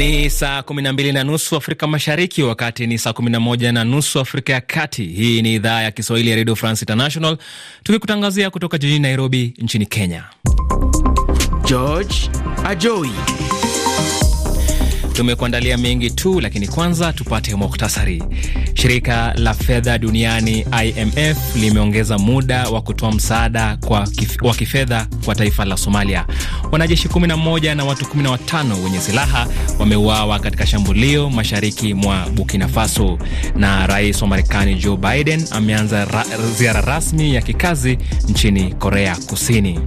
Ni saa 12 na nusu Afrika Mashariki, wakati ni saa 11 na nusu Afrika ya Kati. Hii ni idhaa ya Kiswahili ya Radio France International, tukikutangazia kutoka jijini Nairobi nchini Kenya. George Ajoi Tumekuandalia mengi tu, lakini kwanza tupate muktasari. Shirika la fedha duniani IMF limeongeza muda wa kutoa msaada wa kifedha kwa taifa la Somalia. Wanajeshi 11 na watu 15 wenye silaha wameuawa katika shambulio mashariki mwa Burkina Faso. Na rais wa Marekani Joe Biden ameanza ra ziara rasmi ya kikazi nchini Korea Kusini.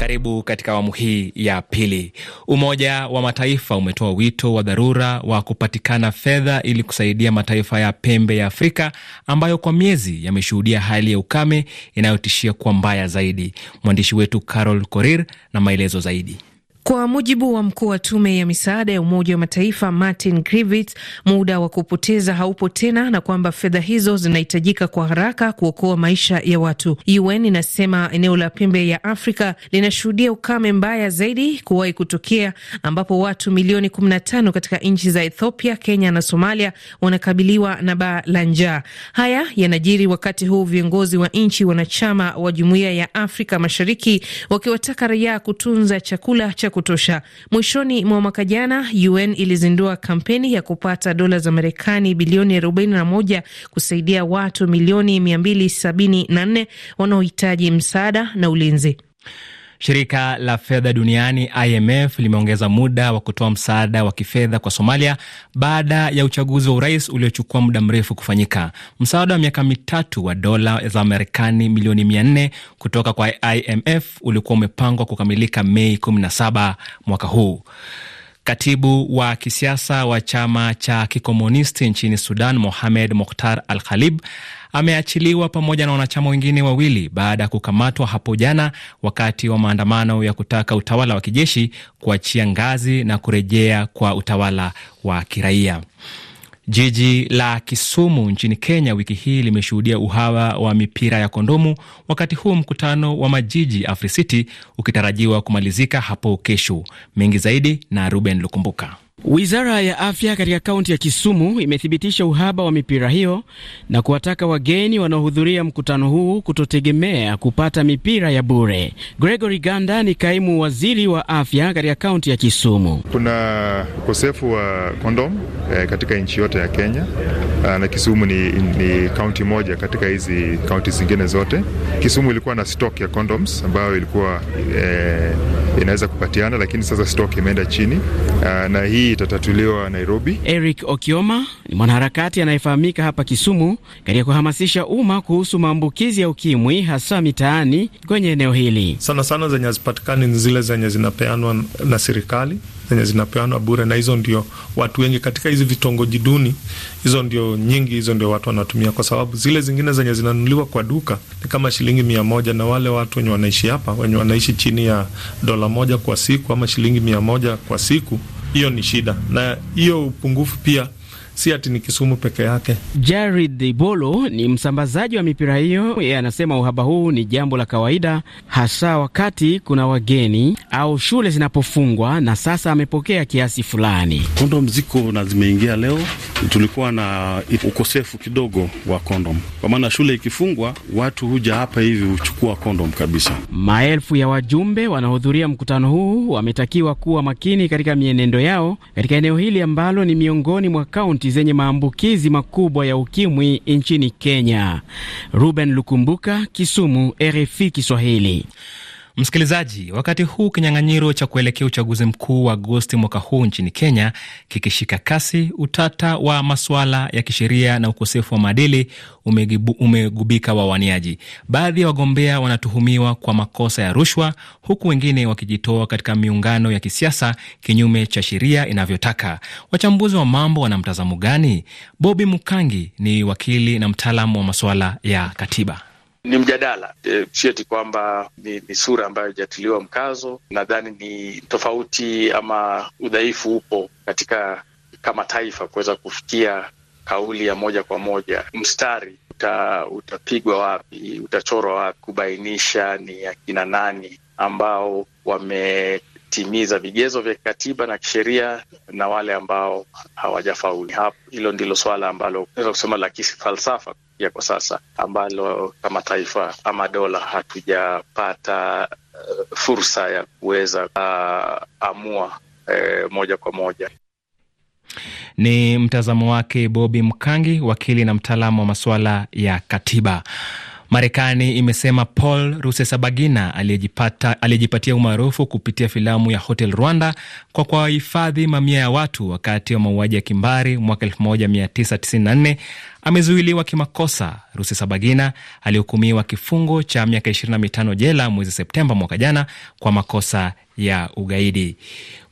Karibu katika awamu hii ya pili. Umoja wa Mataifa umetoa wito wa dharura wa kupatikana fedha ili kusaidia mataifa ya pembe ya Afrika ambayo kwa miezi yameshuhudia hali ya ukame inayotishia kuwa mbaya zaidi. Mwandishi wetu Carol Korir na maelezo zaidi. Kwa mujibu wa mkuu wa tume ya misaada ya Umoja wa Mataifa Martin Griffiths, muda wa kupoteza haupo tena na kwamba fedha hizo zinahitajika kwa haraka kuokoa maisha ya watu. UN inasema eneo la pembe ya Afrika linashuhudia ukame mbaya zaidi kuwahi kutokea, ambapo watu milioni 15 katika nchi za Ethiopia, Kenya na Somalia wanakabiliwa na baa la njaa. Haya yanajiri wakati huu viongozi wa nchi wanachama wa Jumuiya ya Afrika Mashariki wakiwataka raia kutunza chakula cha kutosha. Mwishoni mwa mwaka jana, UN ilizindua kampeni ya kupata dola za Marekani bilioni 41 kusaidia watu milioni 274 wanaohitaji msaada na ulinzi. Shirika la fedha duniani IMF limeongeza muda wa kutoa msaada wa kifedha kwa Somalia baada ya uchaguzi wa urais uliochukua muda mrefu kufanyika. Msaada wa miaka mitatu wa dola za Marekani milioni 400 kutoka kwa IMF ulikuwa umepangwa kukamilika Mei 17 mwaka huu. Katibu wa kisiasa wa chama cha kikomunisti nchini Sudan, Mohamed Mokhtar Al Khalib, ameachiliwa pamoja na wanachama wengine wawili baada ya kukamatwa hapo jana wakati wa maandamano ya kutaka utawala wa kijeshi kuachia ngazi na kurejea kwa utawala wa kiraia. Jiji la Kisumu nchini Kenya wiki hii limeshuhudia uhaba wa mipira ya kondomu, wakati huu mkutano wa majiji AfriCity ukitarajiwa kumalizika hapo kesho. Mengi zaidi na Ruben Lukumbuka. Wizara ya afya katika kaunti ya Kisumu imethibitisha uhaba wa mipira hiyo na kuwataka wageni wanaohudhuria mkutano huu kutotegemea kupata mipira ya bure. Gregory Ganda ni kaimu waziri wa afya katika kaunti ya Kisumu. Kuna ukosefu wa kondom eh, katika nchi yote ya Kenya ah, na Kisumu ni, ni kaunti moja katika hizi kaunti zingine zote. Kisumu ilikuwa na stock ya condoms ambayo ilikuwa eh, inaweza kupatiana, lakini sasa stock imeenda chini ah, na hii hii itatatuliwa Nairobi. Eric Okioma ni mwanaharakati anayefahamika hapa Kisumu katika kuhamasisha umma kuhusu maambukizi ya ukimwi, hasa mitaani kwenye eneo hili. Sana sana zenye hazipatikani ni zile zenye zinapeanwa na serikali, zenye zinapeanwa bure, na hizo ndio watu wengi katika hizi vitongoji duni, hizo ndio nyingi, hizo ndio watu wanatumia, kwa sababu zile zingine zenye zinanunuliwa kwa duka ni kama shilingi mia moja, na wale watu wenye wanaishi hapa wenye wanaishi chini ya dola moja kwa siku ama shilingi mia moja kwa siku hiyo ni shida, na hiyo upungufu pia si ati ni Kisumu peke yake. Jared Ibolo ni msambazaji wa mipira hiyo, yeye anasema uhaba huu ni jambo la kawaida, hasa wakati kuna wageni au shule zinapofungwa, na sasa amepokea kiasi fulani. Kondom ziko na zimeingia leo. Tulikuwa na ukosefu kidogo wa kondom, kwa maana shule ikifungwa watu huja hapa hivi huchukua kondom kabisa. Maelfu ya wajumbe wanaohudhuria mkutano huu wametakiwa kuwa makini katika mienendo yao katika eneo hili ambalo ni miongoni mwa kaunti zenye maambukizi makubwa ya ukimwi nchini Kenya. Ruben Lukumbuka, Kisumu, RFI Kiswahili. Msikilizaji, wakati huu kinyang'anyiro cha kuelekea uchaguzi mkuu wa Agosti mwaka huu nchini Kenya kikishika kasi, utata wa masuala ya kisheria na ukosefu wa maadili umegubika wawaniaji. Baadhi ya wagombea wanatuhumiwa kwa makosa ya rushwa, huku wengine wakijitoa katika miungano ya kisiasa kinyume cha sheria inavyotaka. Wachambuzi wa mambo wana mtazamo gani? Bobi Mukangi ni wakili na mtaalamu wa masuala ya katiba ni mjadala e, sieti kwamba ni, ni sura ambayo ijatiliwa mkazo. Nadhani ni tofauti ama udhaifu upo katika kama taifa kuweza kufikia kauli ya moja kwa moja, mstari uta, utapigwa wapi, utachorwa wapi, kubainisha ni akina nani ambao wame timiza vigezo vya kikatiba na kisheria na wale ambao hawajafauli. Hapo hilo ndilo swala ambalo naweza kusema la kifalsafa ya kwa sasa, ambalo kama taifa ama dola hatujapata uh, fursa ya kuweza uh, amua uh, moja kwa moja. Ni mtazamo wake Bobi Mkangi, wakili na mtaalamu wa masuala ya katiba. Marekani imesema Paul Rusesabagina aliyejipatia umaarufu kupitia filamu ya Hotel Rwanda kwa kuwahifadhi mamia ya watu wakati wa mauaji ya kimbari mwaka 1994 amezuiliwa kimakosa. Rusesabagina alihukumiwa kifungo cha miaka 25 jela mwezi Septemba mwaka jana kwa makosa ya ugaidi.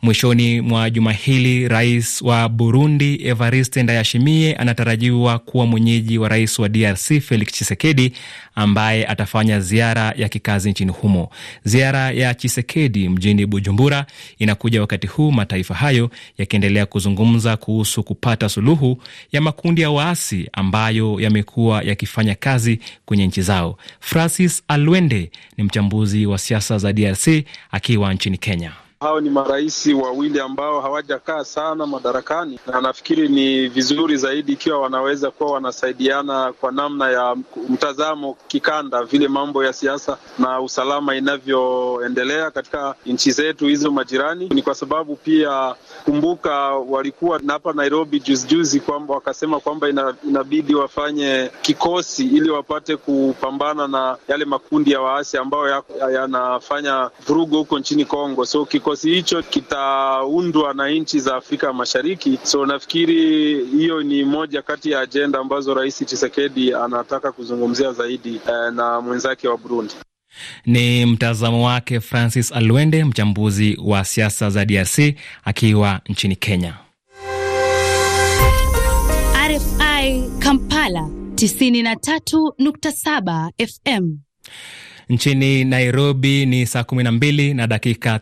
Mwishoni mwa juma hili, rais wa Burundi Evariste Ndayishimiye anatarajiwa kuwa mwenyeji wa rais wa DRC Felix Tshisekedi ambaye atafanya ziara ya kikazi nchini humo. Ziara ya Tshisekedi mjini Bujumbura inakuja wakati huu mataifa hayo yakiendelea kuzungumza kuhusu kupata suluhu ya makundi ya waasi ambayo yamekuwa yakifanya kazi kwenye nchi zao. Francis Alwende ni mchambuzi wa siasa za DRC akiwa nchini Kenya. Hao ni marais wawili ambao hawajakaa sana madarakani, na nafikiri ni vizuri zaidi ikiwa wanaweza kuwa wanasaidiana kwa namna ya mtazamo kikanda, vile mambo ya siasa na usalama inavyoendelea katika nchi zetu hizo majirani. Ni kwa sababu pia, kumbuka, walikuwa na hapa Nairobi juzijuzi kwamba wakasema kwamba ina, inabidi wafanye kikosi ili wapate kupambana na yale makundi ya waasi ambayo yanafanya ya vurugo huko nchini Kongo. So, kikosi kikosi hicho kitaundwa na nchi za Afrika Mashariki. So nafikiri hiyo ni moja kati ya ajenda ambazo Rais chisekedi anataka kuzungumzia zaidi eh, na mwenzake wa Burundi. Ni mtazamo wake Francis Alwende, mchambuzi wa siasa za DRC akiwa nchini Kenya. RFI Kampala 93.7 FM. Nchini Nairobi ni saa kumi na mbili na dakika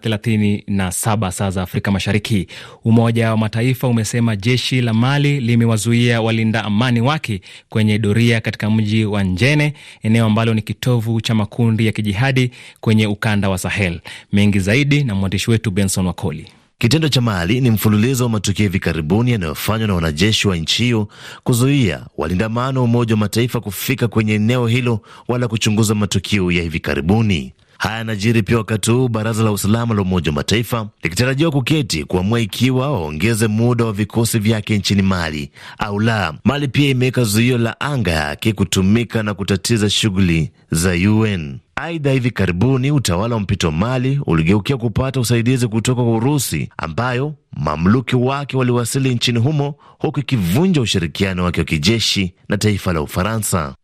saba saa za Afrika Mashariki. Umoja wa Mataifa umesema jeshi la Mali limewazuia walinda amani wake kwenye doria katika mji wa Njene, eneo ambalo ni kitovu cha makundi ya kijihadi kwenye ukanda wa Sahel. Mengi zaidi na mwandishi wetu Benson Wakoli. Kitendo cha Mali ni mfululizo wa matukio hivi karibuni yanayofanywa na wanajeshi wa nchi hiyo kuzuia walindamano wa Umoja wa Mataifa kufika kwenye eneo hilo wala kuchunguza matukio ya hivi karibuni. Haya yanajiri pia wakati huu baraza la usalama la Umoja wa Mataifa likitarajiwa kuketi kuamua ikiwa waongeze muda wa vikosi vyake nchini Mali au la. Mali pia imeweka zuio la anga yake kutumika na kutatiza shughuli za UN. Aidha, hivi karibuni utawala wa mpito Mali uligeukia kupata usaidizi kutoka kwa Urusi ambayo mamluki wake waliwasili nchini humo, huku ikivunja ushirikiano wake wa kijeshi na taifa la Ufaransa.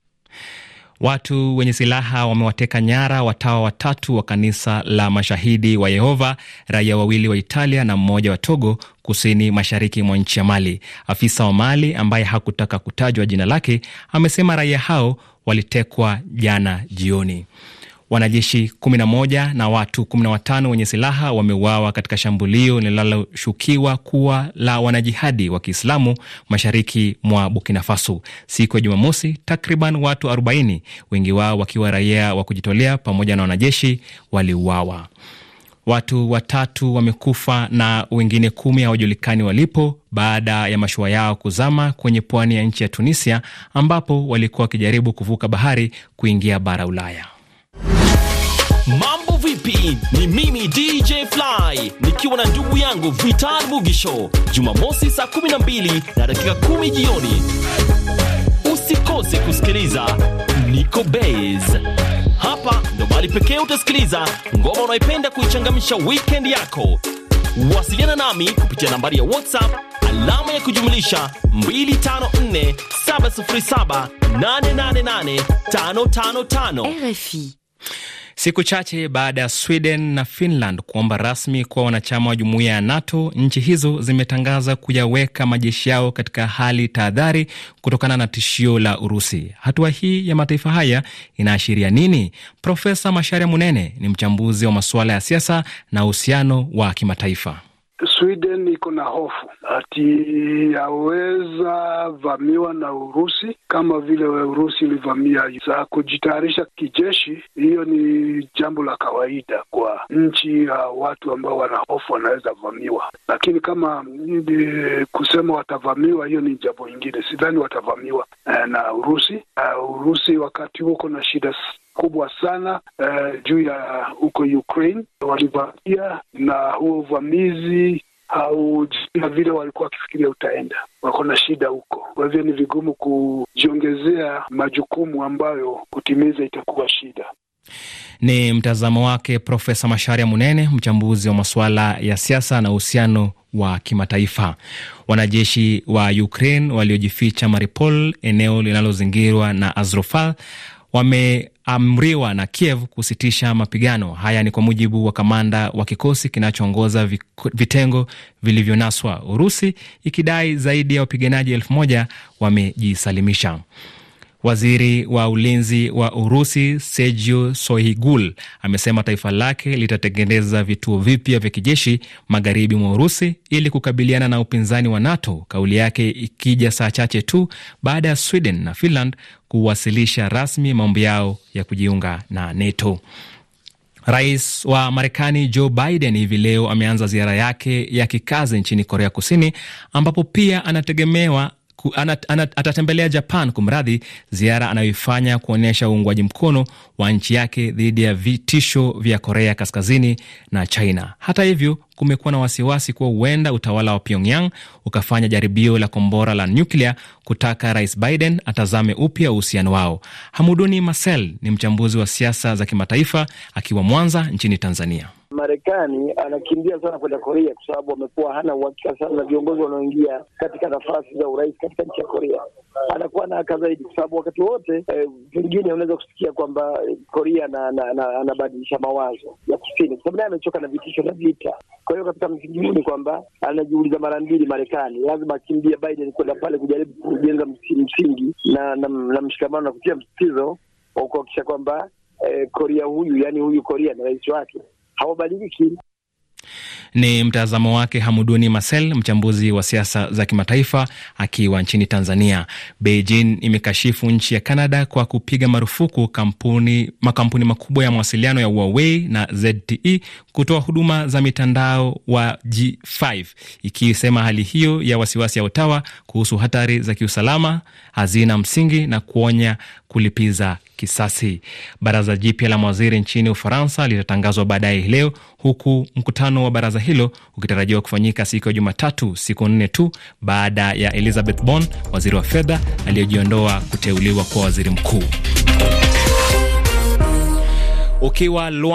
Watu wenye silaha wamewateka nyara watawa watatu wa kanisa la Mashahidi wa Yehova, raia wawili wa Italia na mmoja wa Togo, kusini mashariki mwa nchi ya Mali. Afisa wa Mali ambaye hakutaka kutajwa jina lake amesema raia hao walitekwa jana jioni. Wanajeshi 11 na watu 15 wenye silaha wameuawa katika shambulio linaloshukiwa kuwa la wanajihadi wa Kiislamu mashariki mwa Burkina Faso siku ya Jumamosi. Takriban watu 40, wengi wao wakiwa raia wa kujitolea pamoja na wanajeshi, waliuawa. Watu watatu wamekufa na wengine kumi hawajulikani walipo baada ya mashua yao kuzama kwenye pwani ya nchi ya Tunisia ambapo walikuwa wakijaribu kuvuka bahari kuingia bara Ulaya. Mambo vipi? Ni mimi DJ Fly nikiwa na ndugu yangu Vital Bugisho, Jumamosi saa 12 na dakika 10 jioni, usikose kusikiliza Niko bas Hapa ndo mahali pekee utasikiliza ngoma unaipenda kuichangamisha wikend yako. Wasiliana nami kupitia nambari ya WhatsApp alama ya kujumlisha 254 RFI. Siku chache baada ya Sweden na Finland kuomba rasmi kuwa wanachama wa jumuiya ya NATO, nchi hizo zimetangaza kuyaweka majeshi yao katika hali tahadhari kutokana na tishio la Urusi. Hatua hii ya mataifa haya inaashiria nini? Profesa Masharia Munene ni mchambuzi wa masuala ya siasa na uhusiano wa kimataifa. Sweden iko na hofu ati yaweza vamiwa na Urusi kama vile Urusi ilivamia. Za kujitayarisha kijeshi, hiyo ni jambo la kawaida kwa nchi ya watu ambao wana hofu wanaweza vamiwa, lakini kama ndi, kusema watavamiwa, hiyo ni jambo nyingine. Sidhani watavamiwa e, na Urusi. E, Urusi wakati huo na shida kubwa sana uh, juu ya huko Ukraine walivamia, na huo uvamizi au na vile walikuwa wakifikiria utaenda, wako na shida huko. Kwa hivyo ni vigumu kujiongezea majukumu ambayo kutimiza itakuwa shida. Ni mtazamo wake Profesa Masharia Munene, mchambuzi wa masuala ya siasa na uhusiano wa kimataifa. Wanajeshi wa Ukraine waliojificha Mariupol, eneo linalozingirwa na Azrofal, wame ameamriwa na Kiev kusitisha mapigano. Haya ni kwa mujibu wa kamanda wa kikosi kinachoongoza vitengo vilivyonaswa, Urusi ikidai zaidi ya wapiganaji elfu moja wamejisalimisha. Waziri wa ulinzi wa Urusi Sergio sohigul amesema taifa lake litatengeneza vituo vipya vya kijeshi magharibi mwa Urusi ili kukabiliana na upinzani wa NATO, kauli yake ikija saa chache tu baada ya Sweden na Finland kuwasilisha rasmi mambo yao ya kujiunga na NATO. Rais wa Marekani Joe Biden hivi leo ameanza ziara yake ya kikazi nchini Korea Kusini ambapo pia anategemewa ku, anat, anat, atatembelea Japan kumradhi, ziara anayoifanya kuonyesha uungwaji mkono wa nchi yake dhidi ya vitisho vya Korea Kaskazini na China. Hata hivyo kumekuwa na wasiwasi kuwa huenda utawala wa Pyongyang ukafanya jaribio la kombora la nyuklia kutaka Rais Biden atazame upya uhusiano wao. Hamuduni Marcel ni mchambuzi wa siasa za kimataifa akiwa Mwanza nchini Tanzania. Marekani anakimbia sana kwenda Korea kwa sababu amekuwa hana uhakika sana na viongozi wanaoingia katika nafasi za urais katika nchi ya Korea, anakuwa na haka zaidi kwa sababu wakati wote pengine eh, unaweza kusikia kwamba Korea anabadilisha mawazo ya kusini, kwa sababu naye amechoka na vitisho na vita. Kwa hiyo katika msingi huu ni kwamba anajiuliza mara mbili, Marekani lazima akimbia Biden kwenda pale kujaribu kujenga msingi na, na, na mshikamano na kutia msitizo wa kuhakikisha kwamba eh, Korea huyu, yani huyu Korea na rais wake hawabadiliki. Ni mtazamo wake Hamuduni Marcel, mchambuzi wa siasa za kimataifa akiwa nchini Tanzania. Beijing imekashifu nchi ya Canada kwa kupiga marufuku kampuni, makampuni makubwa ya mawasiliano ya Huawei na ZTE kutoa huduma za mitandao wa G5, ikisema hali hiyo ya wasiwasi ya Ottawa kuhusu hatari za kiusalama hazina msingi na kuonya kulipiza kisasi. Baraza jipya la mawaziri nchini Ufaransa litatangazwa baadaye leo, huku mkutano wa baraza hilo ukitarajiwa kufanyika siku ya Jumatatu, siku nne tu baada ya Elizabeth Bon, waziri wa fedha aliyejiondoa, kuteuliwa kuwa waziri mkuu. Ukiwa